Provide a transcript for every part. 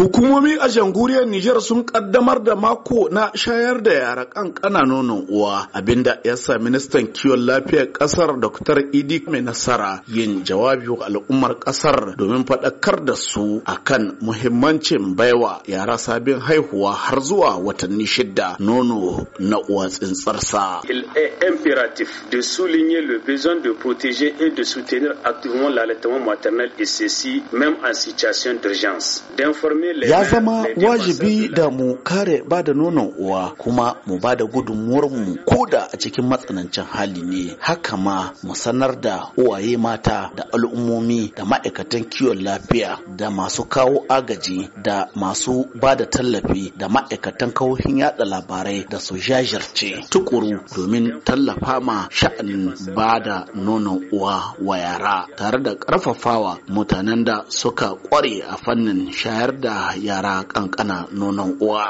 Hukumomi a jamhuriyar Nijar sun kaddamar da mako na shayar da yara kan kananan uwa abinda ya sa ministan kiwon lafiyar kasar Dr. Idi mai nasara yin jawabi wa al'ummar kasar domin faɗakar da su akan muhimmancin baiwa yara sabin haihuwa har zuwa watanni shida nono na uwa tsintsarsa. Il est impératif de souligner le besoin de protéger et de soutenir activement l'allaitement maternel et ceci même en situation d'urgence. D'informer ya zama wajibi da mu kare ba da nonon uwa kuma mu ba da mu ko da a cikin matsanancin hali ne haka ma mu sanar da uwaye mata da al'ummomi da ma'aikatan kiwon lafiya da masu kawo agaji da masu ba da tallafi da ma'aikatan kawohin yada labarai da su jajirce tukuru domin tallafa ma sha'anin ba da nonon uwa wa yara tare da ƙarfafawa mutanen da suka ƙware a fannin shayar da yara kankana nonon uwa.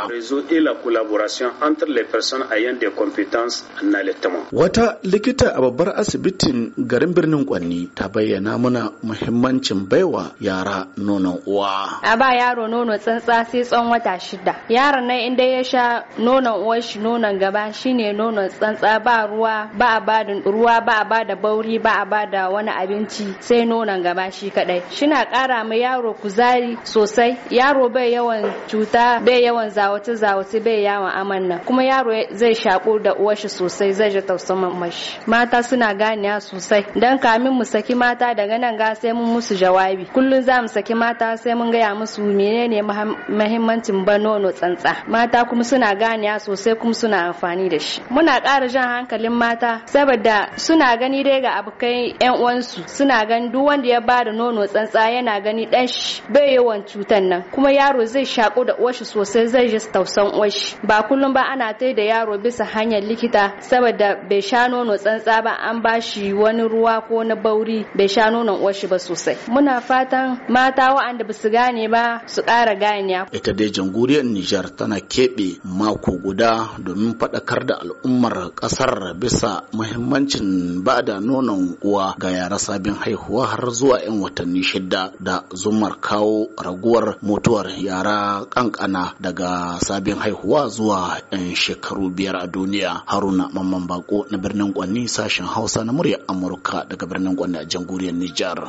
Wata likita a babbar asibitin garin birnin Kwanni ta bayyana mana muhimmancin baiwa yara nonon uwa. A ba yaro nono tsantsa sai tsawon wata shida. Yaron nan inda ya sha nonon uwar shi nonon gaba shine nonon tsantsa ba ruwa ba a ba ruwa ba a ba da bauri ba a ba da wani abinci sai nonon gaba shi kadai. Shina kara ma yaro kuzari sosai. yaro bai yawan cuta bai yawan zawace zawace bai yawan amanna kuma yaro zai shaƙo da uwar shi sosai zai ji mashi mata suna ganiya sosai dan kamin mu saki mata daga nan ga sai mun musu jawabi kullun za mu saki mata sai mun gaya musu menene muhimmancin ba nono tsantsa mata kuma suna ganiya sosai kuma suna amfani da shi muna ƙara jan hankalin mata saboda suna gani dai ga abokai yan uwansu suna gani duk wanda ya ba da nono tsantsa yana gani dan shi bai yawan cutan nan kuma yaro zai shaƙo da uwarshi sosai zai ji tausan uwarshi ba kullum ba ana tai da yaro bisa hanyar likita saboda bai sha nono tsantsa ba an ba shi wani ruwa ko na bauri bai sha nonon uwarshi ba sosai muna fatan mata waɗanda ba su gane ba su ƙara ganiya ita dai jamhuriyar Nijar tana keɓe mako guda domin faɗakar da al'ummar ƙasar bisa muhimmancin ba da nonon uwa ga yara sabin haihuwa har zuwa 'yan watanni shidda da zumar kawo raguwar moto mutuwar yara kankana daga sabin haihuwa zuwa 'yan shekaru biyar a duniya haruna mamman bako na birnin kwanni sashen hausa na murya amurka daga birnin kwanni a jamhuriyar nijar